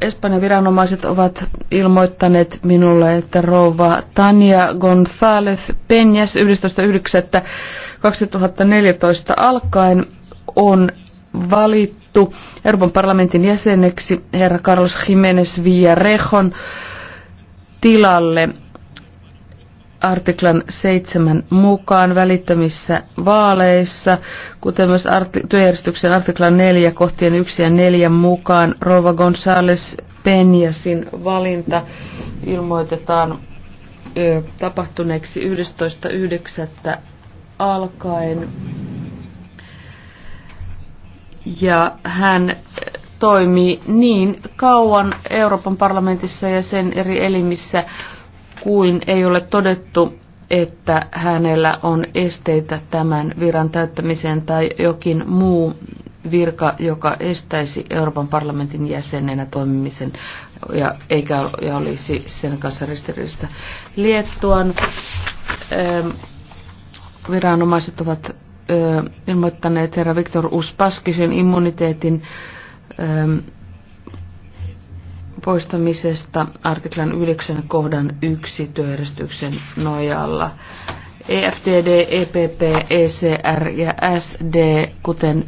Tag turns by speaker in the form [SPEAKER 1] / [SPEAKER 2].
[SPEAKER 1] Espanjan viranomaiset ovat ilmoittaneet minulle, että rouva Tania González Peñas 11.9.2014 alkaen on valittu Euroopan parlamentin jäseneksi herra Carlos Jiménez Villarejon tilalle artiklan 7 mukaan välittömissä vaaleissa, kuten myös arti- työjärjestyksen artiklan 4 kohtien 1 ja 4 mukaan Rova González Penjasin valinta ilmoitetaan ö, tapahtuneeksi 11.9. alkaen. Ja hän toimii niin kauan Euroopan parlamentissa ja sen eri elimissä, kuin ei ole todettu, että hänellä on esteitä tämän viran täyttämiseen tai jokin muu virka, joka estäisi Euroopan parlamentin jäsenenä toimimisen ja, eikä ja olisi sen kanssa ristiriidassa. Liettuan ö, ähm, viranomaiset ovat ö, äh, ilmoittaneet herra Viktor Uspaskisen immuniteetin ö, ähm, poistamisesta artiklan 9 kohdan 1 työjärjestyksen nojalla. EFTD, EPP, ECR ja SD, kuten